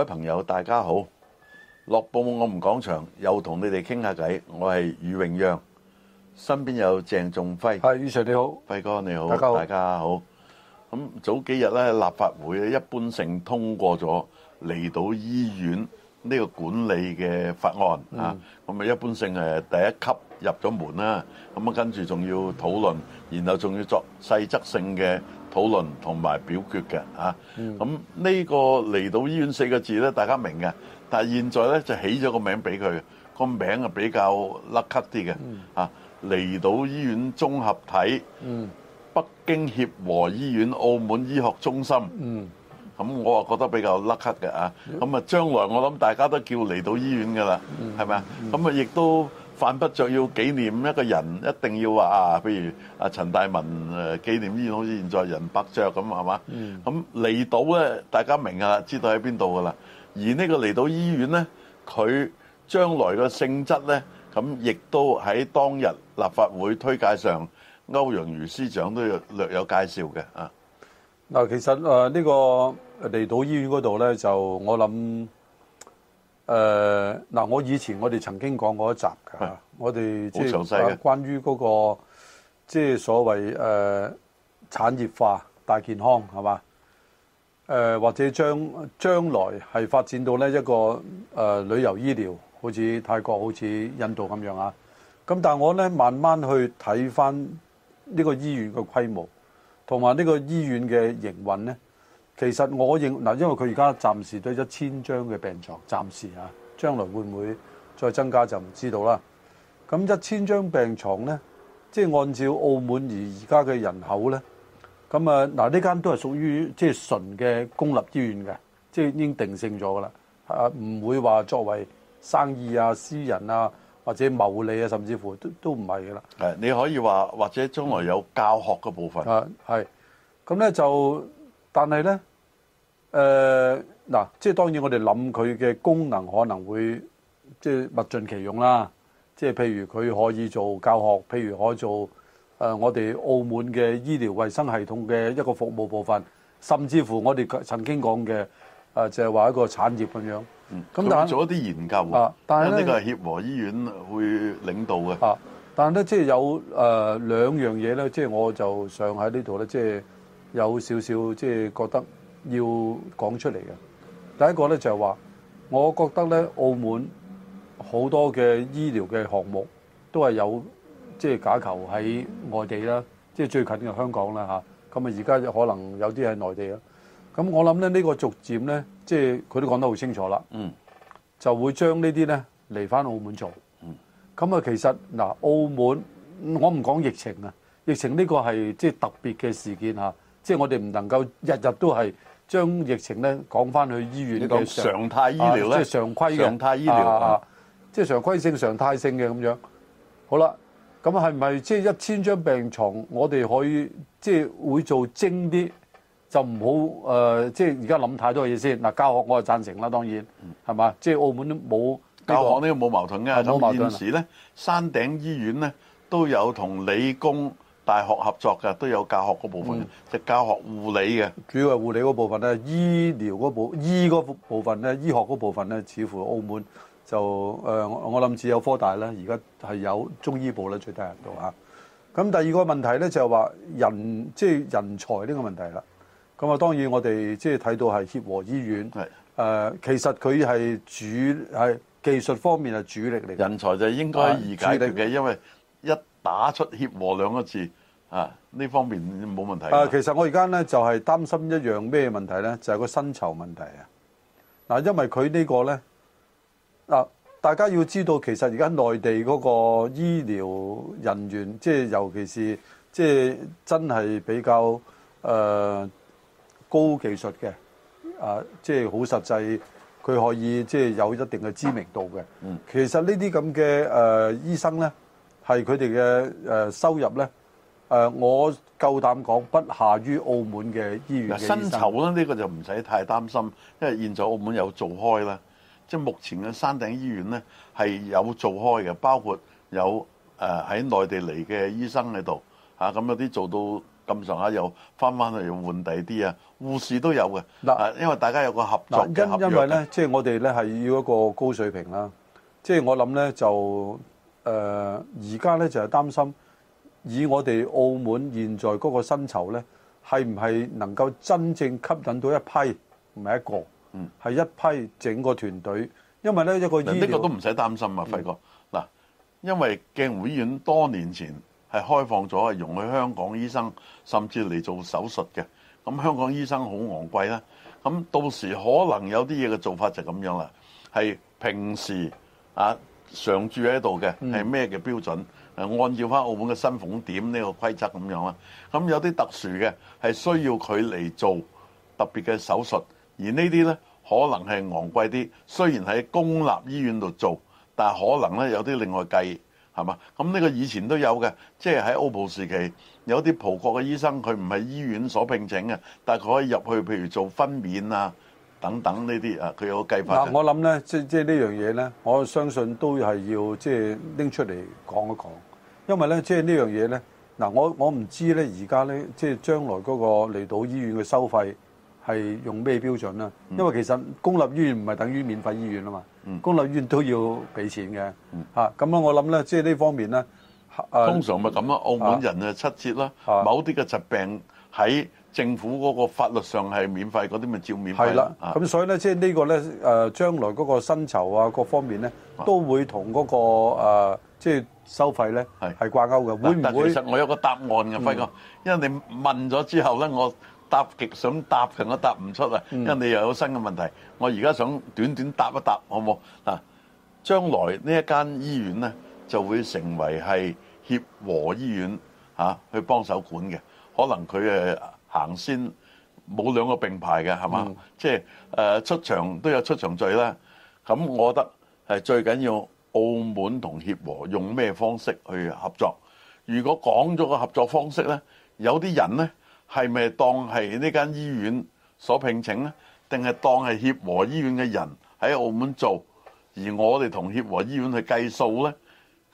各位朋友，大家好！《樂報我們講場》，又同你哋傾下偈。我係余榮讓，身邊有鄭仲輝。係，余 Sir 你好，輝哥你好，大家好。咁早幾日咧，立法會咧一般性通過咗離島醫院呢個管理嘅法案啊。咁、嗯、啊，一般性係第一級入咗門啦。咁啊，跟住仲要討論，然後仲要作細則性嘅。討論同埋表決嘅嚇，咁呢個離島醫院四個字咧，大家明嘅。但係現在呢就起咗個名俾佢，個名啊比較甩咳啲嘅嚇。離、嗯、島、啊、醫院綜合體，嗯、北京協和醫院、澳門醫學中心，咁、嗯、我啊覺得比較甩咳嘅嚇。咁、嗯、啊將來我諗大家都叫離島醫院㗎啦，係咪啊？咁啊亦都。犯不着要紀念一個人，一定要話啊，譬如啊陳大文誒紀念醫院，好似現在仁伯爵咁，係嘛？咁離島咧，大家明啊知道喺邊度噶啦。而呢個離島醫院咧，佢將來個性質咧，咁亦都喺當日立法會推介上，歐陽瑜司長都有略有介紹嘅啊。嗱，其實呢個離島醫院嗰度咧，就我諗。誒、呃、嗱，我以前我哋曾經講過一集係我哋即係關於嗰、那個即係、就是、所謂誒、呃、產業化大健康係嘛？誒、呃、或者將將來係發展到呢一個誒、呃、旅遊醫療，好似泰國、好似印度咁樣啊。咁但我咧慢慢去睇翻呢個醫院嘅規模，同埋呢個醫院嘅營運咧。其實我認嗱，因為佢而家暫時得一千張嘅病床，暫時啊，將來會唔會再增加就唔知道啦。咁一千張病床呢，即係按照澳門而家嘅人口呢，咁啊嗱，呢間都係屬於即係純嘅公立醫院嘅，即係已經定性咗噶啦，啊唔會話作為生意啊、私人啊或者牟利啊，甚至乎都都唔係噶啦。係你可以話或者將來有教學嘅部分啊，係咁咧就，但係呢。誒嗱，即係當然我哋諗佢嘅功能可能會即係物盡其用啦。即係譬如佢可以做教學，譬如可以做誒我哋澳門嘅醫療衞生系統嘅一個服務部分，甚至乎我哋曾經講嘅誒就係話一個產業咁樣。咁但係做一啲研究啊，但係呢呢個係協和醫院會領導嘅。啊，但係咧即係有誒兩樣嘢咧，即係我就想喺呢度咧，即係有少少即係覺得。要講出嚟嘅第一個咧就係話，我覺得咧澳門好多嘅醫療嘅項目都係有即係假球喺外地啦，即係最近嘅香港啦吓。咁啊而家可能有啲喺內地啦。咁我諗咧呢個逐漸咧，即係佢都講得好清楚啦。嗯，就會將呢啲咧嚟返澳門做。嗯，咁啊其實嗱澳門我唔講疫情啊，疫情呢個係即係特別嘅事件嚇，即係我哋唔能夠日日都係。將疫情咧講翻去醫院嘅、那個、常態醫療咧，即係常規常態醫療啊，即係常，常，、啊啊、常規性常態性嘅咁樣。好啦，咁係咪即係一千張病床，我哋可以即係會做精啲，就唔好、呃、即係而家諗太多嘢先。嗱、啊，教學我係贊成啦，當然係嘛、嗯，即係澳門都冇、這個、教學呢個冇矛盾嘅，同現時咧山頂醫院咧都有同理工。大學合作嘅都有教學嗰部分，即係教學護理嘅。主要係護理嗰部分咧，醫療嗰部醫嗰部分咧，醫學嗰部分咧，似乎澳門就誒，我諗只有科大啦，而家係有中醫部咧，最低限度吓。咁第二個問題咧就係話人即係、就是、人才呢個問題啦。咁啊，當然我哋即係睇到係協和醫院，誒、呃，其實佢係主係技術方面係主力嚟。嘅。人才就係應該易解決嘅，因為一。打出協和兩個字啊！呢方面冇問題。啊，其實我而家咧就係擔心一樣咩問題咧，就係個薪酬問題啊！嗱，因為佢呢個咧嗱，大家要知道，其實而家內地嗰個醫療人員，即係尤其是即係真係比較誒高技術嘅啊，即係好實際，佢可以即係有一定嘅知名度嘅。嗯。其實呢啲咁嘅誒醫生咧。係佢哋嘅誒收入咧，誒我夠膽講不下於澳門嘅醫院薪酬啦。呢個就唔使太擔心，因為現在澳門有做開啦。即係目前嘅山頂醫院咧係有做開嘅，包括有誒喺內地嚟嘅醫生喺度嚇，咁有啲做到咁上下又翻返嚟換第啲啊，護士都有嘅。嗱，因為大家有個合作嘅合約，啊、因為咧，即係我哋咧係要一個高水平啦。即係我諗咧就。誒而家咧就係、是、擔心，以我哋澳門現在嗰個薪酬咧，係唔係能夠真正吸引到一批唔係一個，嗯，係一批整個團隊，因為咧一個醫呢個都唔使擔心啊。輝哥嗱，嗯、因為鏡湖醫院多年前係開放咗，係容許香港醫生甚至嚟做手術嘅，咁香港醫生好昂貴啦，咁到時可能有啲嘢嘅做法就咁樣啦，係平時啊。常住喺度嘅係咩嘅標準？嗯、按照返澳門嘅新縫點呢個規則咁樣啦。咁有啲特殊嘅係需要佢嚟做特別嘅手術，而呢啲呢可能係昂貴啲。雖然喺公立醫院度做，但係可能呢有啲另外計係嘛？咁呢個以前都有嘅，即係喺澳葡時期有啲葡國嘅醫生，佢唔係醫院所聘請嘅，但係佢可以入去，譬如做分娩啊。等等呢啲啊，佢有個計劃。嗱，我諗咧，即即呢樣嘢咧，我相信都係要即拎出嚟講一講，因為咧，即呢樣嘢咧，嗱，我我唔知咧，而家咧即將來嗰個離島醫院嘅收費係用咩標準咧？因為其實公立醫院唔係等於免費醫院啊嘛、嗯，公立醫院都要俾錢嘅吓咁、嗯嗯啊、我諗咧，即呢方面咧、啊，通常咪咁咯，澳門人七啊七折啦，某啲嘅疾病喺。政府嗰個法律上係免費，嗰啲咪照免費。係啦，咁所以咧，即係呢個咧，誒，將來嗰個薪酬啊，各方面咧，都會同嗰個誒，即係收費咧，係係掛鈎嘅。會唔會？但係其實我有個答案嘅，輝哥，因為你問咗之後咧，我答極想答，但我答唔出啊。因為你又有新嘅問題，我而家想短短答一答，好冇嗱？將來呢一間醫院咧，就會成為係協和醫院嚇去幫手管嘅，可能佢誒。行先冇兩個並排嘅係嘛？嗯、即係誒、呃、出場都有出場序啦。咁我覺得係最緊要澳門同協和用咩方式去合作？如果講咗個合作方式呢，有啲人呢係咪當係呢間醫院所聘請呢？定係當係協和醫院嘅人喺澳門做，而我哋同協和醫院去計數呢？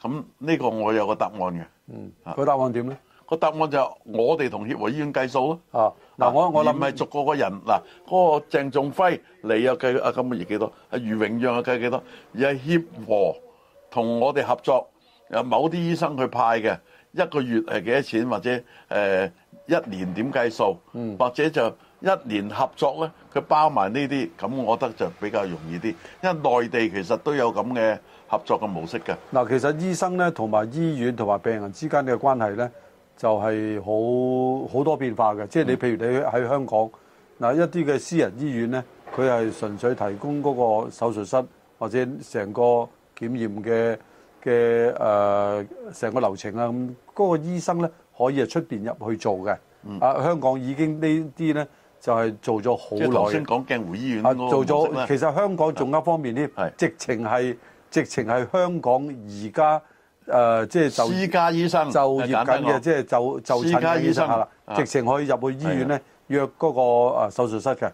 咁呢個我有個答案嘅。嗯，佢答案點呢？個答案就我哋同協和醫院計數咯、啊啊。啊，嗱、啊、我我諗係逐個個人嗱，嗰、啊嗰個鄭仲輝你又計啊，今月幾多？阿余榮讓又計幾多？而係協和同我哋合作，啊某啲醫生去派嘅一個月係幾多錢，或者誒、呃、一年點計數？嗯，或者就一年合作咧，佢包埋呢啲，咁我覺得就比較容易啲。因為內地其實都有咁嘅合作嘅模式㗎。嗱、啊，其實醫生咧同埋醫院同埋病人之間嘅關係咧。就係好好多變化嘅，即係你譬如你喺香港嗱一啲嘅私人醫院呢，佢係純粹提供嗰個手術室或者成個檢驗嘅嘅誒成個流程啊，咁、那、嗰個醫生呢，可以係出邊入去做嘅、嗯。啊香港已經呢啲呢，就係、是、做咗好耐。即係頭先講鏡湖醫院。做咗其實香港仲一方面呢，是是直情係直情係香港而家。誒、呃，即係私家醫生就業緊嘅，即係就是、就，就，就診嘅醫，醫生，直情可以入去醫院咧約嗰個誒手術室嘅。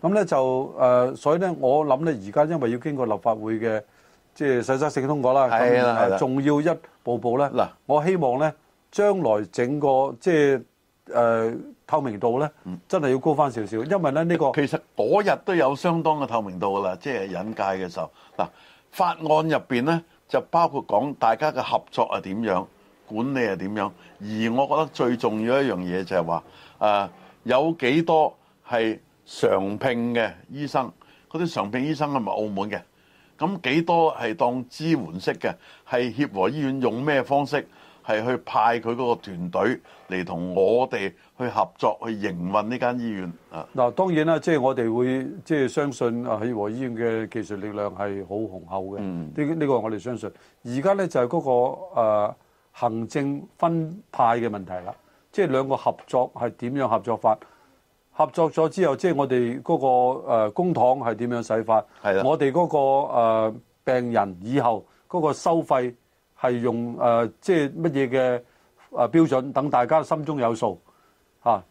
咁咧就誒、呃，所以咧我諗咧，而家因為要經過立法會嘅即係實質性通過啦，係啊，仲要一步步咧。嗱，我希望咧將來整個即係誒、呃、透明度咧，真係要高翻少少，因為咧呢、這個其實嗰日都有相當嘅透明度噶啦，即係引介嘅時候。嗱，法案入邊咧。就包括講大家嘅合作係點樣，管理係點樣，而我覺得最重要的一樣嘢就係話，誒有幾多係常聘嘅醫生，嗰啲常聘醫生係咪澳門嘅？咁幾多係當支援式嘅？係協和醫院用咩方式？係去派佢嗰個團隊嚟同我哋去合作去營運呢間醫院啊！嗱，當然啦，即係我哋會即係相信啊，喜和醫院嘅技術力量係好雄厚嘅。嗯，呢呢個我哋相信。而家咧就係嗰個誒行政分派嘅問題啦，即係兩個合作係點樣合作法？合作咗之後，即係我哋嗰個誒公帑係點樣使法？係啦，我哋嗰個誒病人以後嗰個收費。係用誒，即係乜嘢嘅誒標準？等大家心中有數。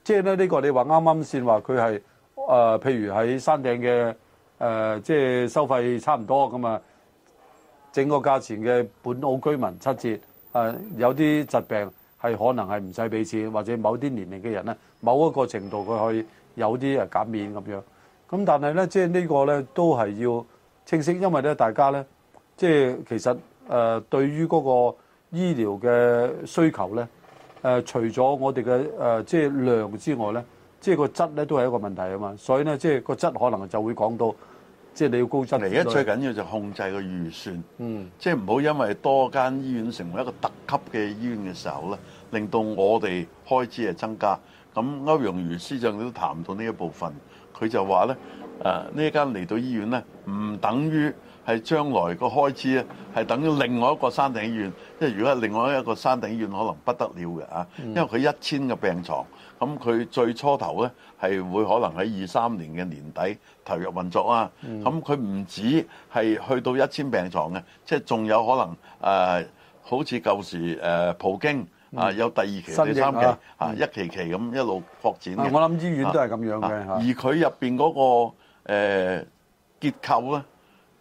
即係咧，啊就是、呢、呢個你話啱啱先話佢係誒，譬如喺山頂嘅誒，即、呃、係、就是、收費差唔多咁啊。整個價錢嘅本澳居民七折。誒、啊、有啲疾病係可能係唔使俾錢，或者某啲年齡嘅人咧，某一個程度佢可以有啲減免咁樣。咁但係咧，即、就、係、是、呢個咧都係要清晰，因為咧大家咧，即、就、係、是、其實。誒對於嗰個醫療嘅需求咧，誒除咗我哋嘅誒即係量之外咧，即係個質咧都係一個問題啊嘛，所以咧即係個質可能就會講到，即係你高要高質。嚟緊最緊要就控制個預算，嗯，即係唔好因為多間醫院成為一個特級嘅醫院嘅時候咧，令到我哋開支係增加。咁歐陽瑜司長都談到呢一部分，佢就話咧，誒呢間嚟到醫院咧唔等於。係將來個開支咧，係等於另外一個山頂醫院，因為如果係另外一個山頂醫院可能不得了嘅啊，因為佢一千個病床。咁佢最初頭咧係會可能喺二三年嘅年底投入運作啊，咁佢唔止係去到一千病床嘅，即係仲有可能誒、呃，好似舊時葡京啊，有第二期、嗯、第三期啊、嗯，一期期咁一路擴展、嗯。我諗醫院都係咁樣嘅、啊、而佢入面嗰、嗰個誒、呃、結構咧？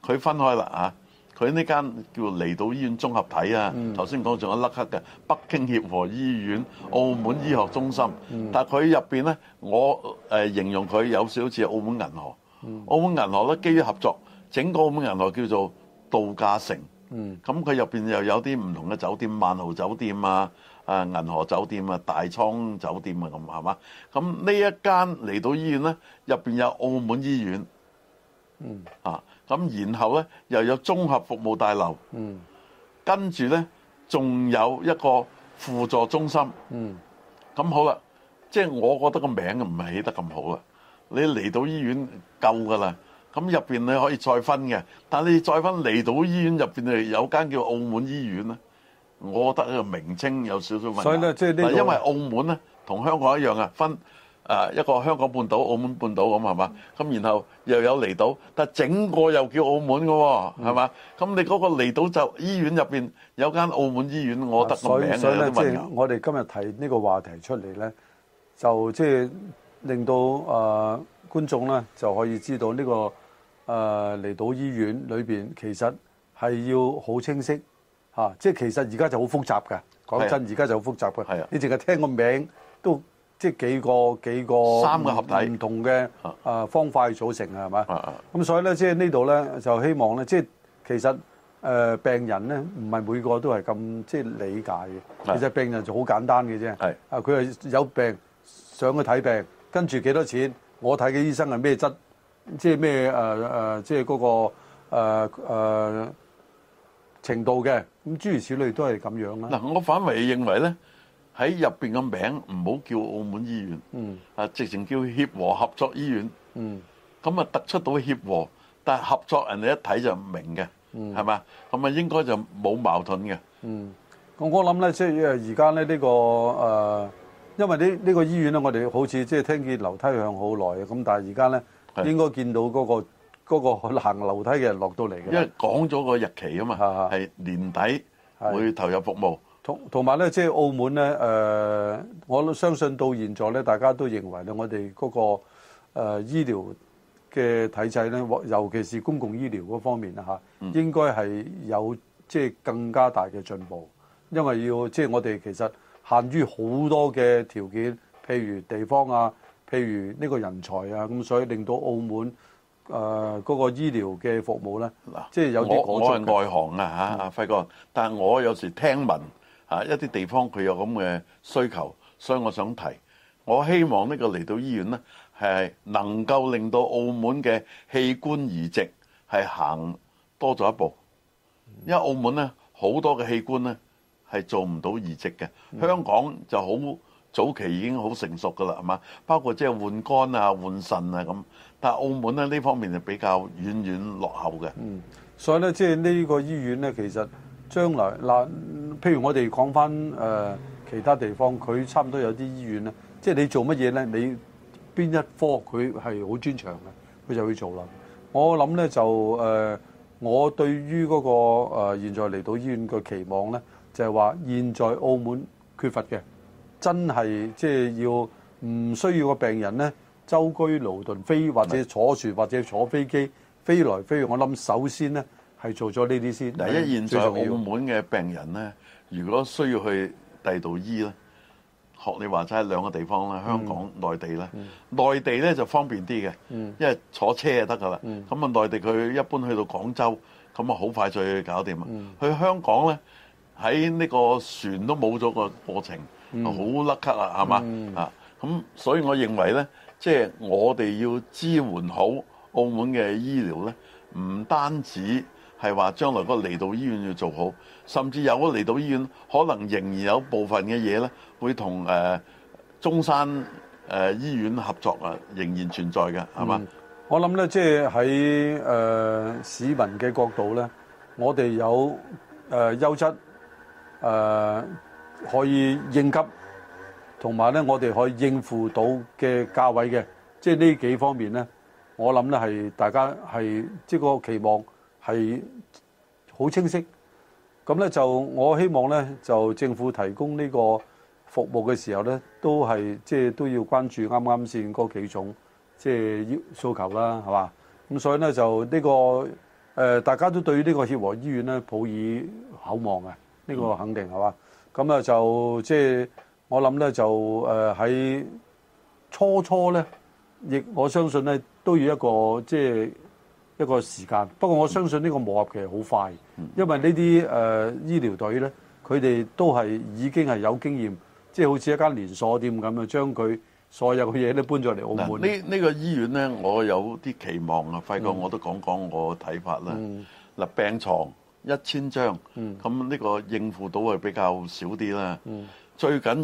佢分開啦啊！佢呢間叫離島醫院綜合體啊、嗯，頭先講仲有粒黑嘅北京協和醫院、嗯、澳門醫學中心、嗯。但係佢入邊呢，我誒形容佢有少少似澳門銀河。澳門銀河咧，基於合作，整個澳門銀河叫做度假城。咁佢入邊又有啲唔同嘅酒店，萬豪酒店啊、啊銀河酒店啊、大倉酒店啊咁係嘛？咁呢一間離島醫院呢，入邊有澳門醫院、啊嗯。嗯啊！咁然後咧又有綜合服務大樓、嗯，跟住咧仲有一個輔助中心。咁、嗯、好啦，即係我覺得個名唔係起得咁好啦。你嚟到醫院夠噶啦，咁入面你可以再分嘅。但你再分嚟到醫院入面，有間叫澳門醫院啦。我覺得個個名稱有少少問題。所以咧，即係呢，因為澳門咧同香港一樣啊，分。啊，一個香港半島、澳門半島咁係嘛？咁然後又有離島，但整個又叫澳門嘅喎，係嘛？咁、嗯、你嗰個離島就醫院入面有間澳門醫院，啊、我得個名，所以咧，即係我哋今日提呢個話題出嚟咧，就即係令到啊觀眾咧就可以知道呢、呢個啊離、呃、島醫院裏面其實係要好清晰、啊、即係其實而家就好複雜㗎。講真，而家、啊、就好複雜㗎。啊、你淨係聽個名都。即係幾個幾個三個合體唔同嘅誒方法去組成嘅係咪？咁所以咧，即係呢度咧就希望咧，即係其實誒病人咧唔係每個都係咁即係理解嘅。其實病人就好簡單嘅啫。啊，佢係有病想去睇病，跟住幾多錢？我睇嘅醫生係咩質？即係咩誒誒？即係嗰個誒誒程度嘅。咁諸如此類都係咁樣啦。嗱，我反為認為咧。喺入邊嘅名唔好叫澳門醫院，啊直情叫協和合作醫院，咁啊突出到協和，但合作人哋一睇就唔明嘅，係嘛？咁啊應該就冇矛盾嘅。嗯，我我諗咧，即係而家咧呢個誒，因為呢呢個醫院咧，我哋好似即係聽見樓梯向好耐嘅，咁但係而家咧應該見到嗰個嗰個行樓梯嘅人落到嚟嘅，因為講咗個日期啊嘛，係年底會投入服務。同同埋咧，即係澳門咧誒、呃，我都相信到現在咧，大家都認為咧，我哋嗰、那個誒、呃、醫療嘅體制咧，尤其是公共醫療嗰方面啦嚇、啊，應該係有即係更加大嘅進步，因為要即係我哋其實限於好多嘅條件，譬如地方啊，譬如呢個人才啊，咁所以令到澳門誒嗰、呃那個醫療嘅服務咧，即係有啲好善。我，我係外行啊嚇、嗯啊，輝哥，但係我有時聽聞。啊！一啲地方佢有咁嘅需求，所以我想提，我希望呢個嚟到醫院呢，係能夠令到澳門嘅器官移植係行多咗一步。因為澳門呢，好多嘅器官呢，係做唔到移植嘅，香港就好早期已經好成熟噶啦，係嘛？包括即係換肝啊、換腎啊咁，但係澳門呢呢方面就比較遠遠落後嘅。嗯，所以呢，即係呢個醫院呢，其實。將來嗱，譬如我哋講返誒其他地方，佢差唔多有啲醫院咧，即係你做乜嘢咧？你邊一科佢係好專長嘅，佢就會做啦。我諗咧就誒，我對於嗰個誒現在離島醫院嘅期望咧，就係話現在澳門缺乏嘅，真係即係要唔需要個病人咧舟車勞頓飛或者坐船或者坐飛機飛來飛去。我諗首先咧。係做咗呢啲先。第一，現在澳門嘅病人咧，如果需要去第二度醫咧，學你話齋兩個地方啦，香港、嗯、內地啦。內地咧就方便啲嘅，因為坐車就得噶啦。咁啊內地佢一般去到廣州，咁啊好快就去搞掂。去香港咧，喺呢個船都冇咗個過程，好甩咳啦，係嘛啊？咁所以我認為咧，即係我哋要支援好澳門嘅醫療咧，唔單止。係話將來嗰個離島醫院要做好，甚至有個離島醫院可能仍然有部分嘅嘢咧，會同誒中山誒醫院合作啊，仍然存在嘅係咪？我諗咧，即係喺誒市民嘅角度咧，我哋有誒、呃、優質誒、呃、可以應急，同埋咧我哋可以應付到嘅價位嘅，即係呢幾方面咧，我諗咧係大家係即係個期望。係好清晰，咁咧就我希望咧就政府提供呢個服務嘅時候咧，都係即係都要關注啱啱先嗰幾種即係、就是、要訴求啦，係嘛？咁所以咧就呢、這個誒、呃，大家都對呢個協和醫院咧抱以厚望嘅，呢、這個肯定係嘛？咁啊就即係、就是、我諗咧就誒喺、呃、初初咧，亦我相信咧都要一個即係。就是一個時間，不過我相信呢個磨合其實好快，因為呢啲誒醫療隊呢，佢哋都係已經係有經驗，即係好似一間連鎖店咁樣將佢所有嘅嘢都搬咗嚟澳門。呢呢個醫院呢，我有啲期望啊，輝哥我都講講我睇法啦。嗱、嗯、病床一千張，咁、嗯、呢個應付到係比較少啲啦、嗯。最緊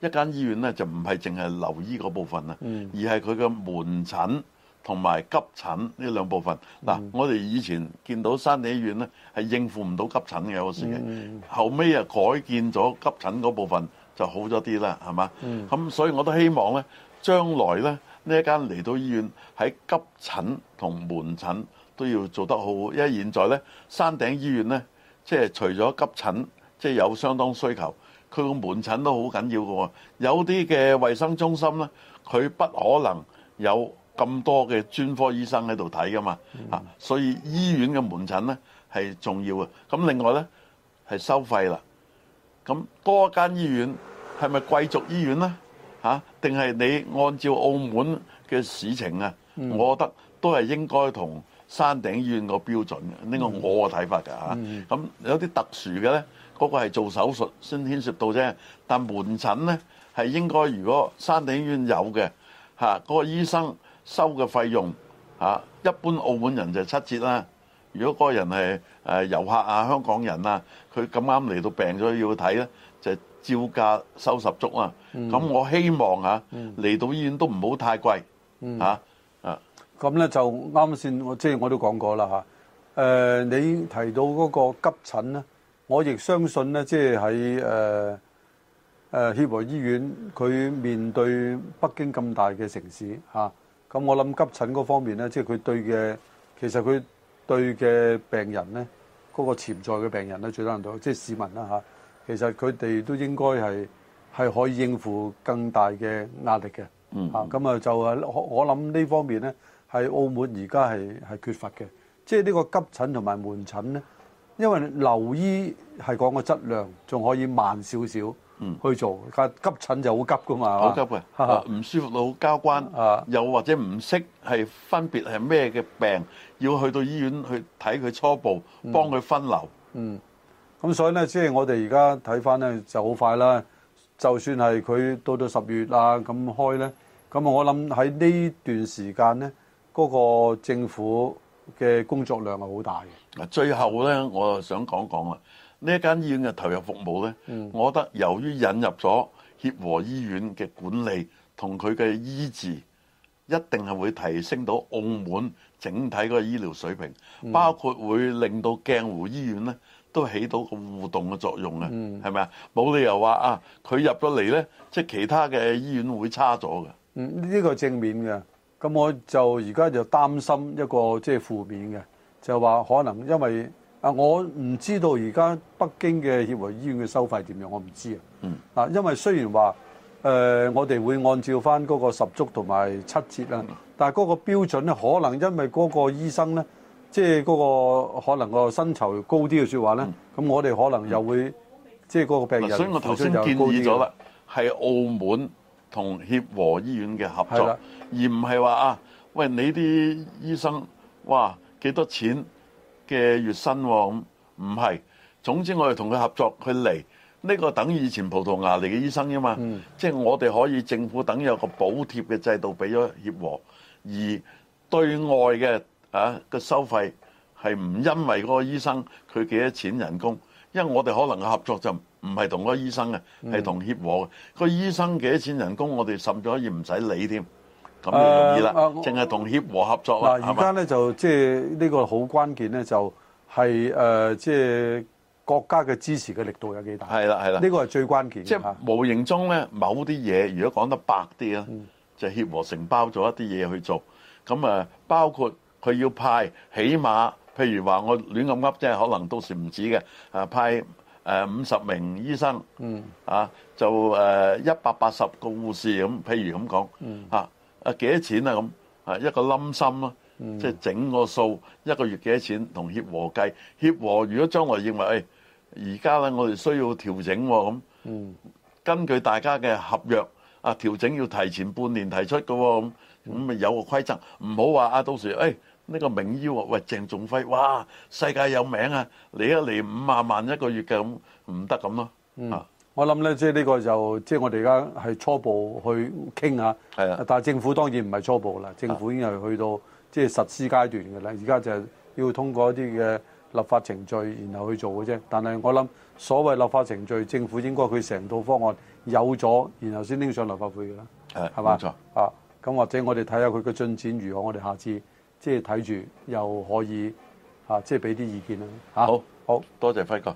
要一間醫院呢，就唔係淨係留醫嗰部分啊、嗯，而係佢嘅門診。同埋急診呢兩部分嗱，我哋以前見到山頂醫院呢係應付唔到急診嘅嗰時嘅，後尾啊改建咗急診嗰部分就好咗啲啦，係嘛？咁所以我都希望呢將來呢，呢一間嚟到醫院喺急診同門診都要做得好，因為現在呢，山頂醫院呢，即係除咗急診即係有相當需求，佢個門診都好緊要㗎喎。有啲嘅衛生中心呢，佢不可能有。咁多嘅專科醫生喺度睇噶嘛，所以醫院嘅門診呢係重要嘅。咁另外呢係收費啦。咁多間醫院係咪貴族醫院呢？嚇，定係你按照澳門嘅市情啊？我覺得都係應該同山頂醫院個標準，呢個我嘅睇法㗎嚇。咁有啲特殊嘅呢，嗰個係做手術先牽涉到啫。但門診呢係應該，如果山頂醫院有嘅嗰個醫生。收嘅費用嚇，一般澳門人就係七折啦。如果嗰個人係誒遊客啊、香港人啊，佢咁啱嚟到病咗要睇咧，就照價收十足啊。咁我希望嚇嚟到醫院都唔好太貴嚇啊。咁咧就啱先，我即係我都講過啦嚇。誒，你提到嗰個急診咧，我亦相信咧，即係喺誒誒協和醫院，佢面對北京咁大嘅城市嚇。咁我諗急診嗰方面咧，即係佢對嘅，其實佢對嘅病人咧，嗰個潛在嘅病人咧，最多人都即係市民啦嚇。其實佢哋都應該係係可以應付更大嘅壓力嘅。嗯。嚇，咁啊就係我我諗呢方面咧，係澳門而家係係缺乏嘅，即係呢個急診同埋門診咧，因為留醫係講個質量，仲可以慢少少。嗯，去做，急診就好急噶嘛，好急唔 舒服到好交關， 又或者唔識係分別係咩嘅病，要去到醫院去睇佢初步幫佢分流。嗯，咁、嗯、所以咧，即係我哋而家睇翻咧就好快啦。就算係佢到到十月啦咁開咧，咁我諗喺呢段時間咧，嗰個政府嘅工作量係好大嘅。嗱，最後咧，我就想講講呢一間醫院嘅投入服務呢，我覺得由於引入咗協和醫院嘅管理同佢嘅醫治，一定係會提升到澳門整體個醫療水平，包括會令到鏡湖醫院呢都起到個互動嘅作用啊、嗯，係咪啊？冇理由話啊，佢入咗嚟呢，即係其他嘅醫院會差咗嘅、嗯。呢、呢個正面嘅。咁我就而家就擔心一個即係負面嘅，就話可能因為。啊！我唔知道而家北京嘅協和醫院嘅收費點樣，我唔知啊。嗯。啊，因為雖然話誒，我哋會按照翻嗰個十足同埋七折啦，但係嗰個標準咧，可能因為嗰個醫生咧，即係嗰個可能個薪酬高啲嘅説話咧，咁我哋可能又會即係嗰個病人，所以，我頭先建議咗啦，係澳門同協和醫院嘅合作啦，而唔係話啊，喂，你啲醫生，哇幾多錢？嘅月薪喎，唔係。總之我哋同佢合作，佢嚟呢個等於以前葡萄牙嚟嘅醫生啫嘛。即、嗯、係、就是、我哋可以政府等有個補貼嘅制度俾咗協和，而對外嘅啊收費係唔因為嗰個醫生佢幾多錢人工，因為我哋可能嘅合作就唔係同嗰個醫生嘅，係同協和嘅。嗯，個醫生幾多錢人工，我哋甚至可以唔使理添。咁就容易啦，淨係同協和合作啦，呃。而家咧就即係呢個好關鍵咧，就係，就係即係國家嘅支持嘅力度有幾大？係啦，係啦。呢個係最關鍵即係，就係，無形中咧，某啲嘢，如果講得白啲咧，就協和承包咗一啲嘢去做。咁啊，包括佢要派，起碼譬如話我亂咁噏，即係可能到時唔止嘅。派五十名醫生，嗯啊，啊就一百八十個護士咁，譬如咁講，嗯、啊，啊，幾多錢啊？咁啊，一個冧心咯，即係整個數一個月幾多錢，同協和計。協和如果將來認為，誒而家咧我哋需要調整喎，咁，根據大家嘅合約啊調整要提前半年提出嘅喎，咁，咁咪有個規則，唔好話啊到時誒呢個名醫喂鄭仲輝哇世界有名啊，你一嚟五萬萬一個月嘅咁唔得咁咯啊！我諗咧，即係呢個就即係我哋而家係初步去傾下，但係政府當然唔係初步啦，政府已經係去到即係實施階段嘅啦。而家就係要通過一啲嘅立法程序，然後去做嘅啫。但係我諗所謂立法程序，政府應該佢成套方案有咗，然後先拎上立法會嘅啦，係嘛？冇錯啊，咁或者我哋睇下佢嘅進展如何，我哋下次即係睇住又可以啊，即係俾啲意見啦，啊。好好，多謝輝哥。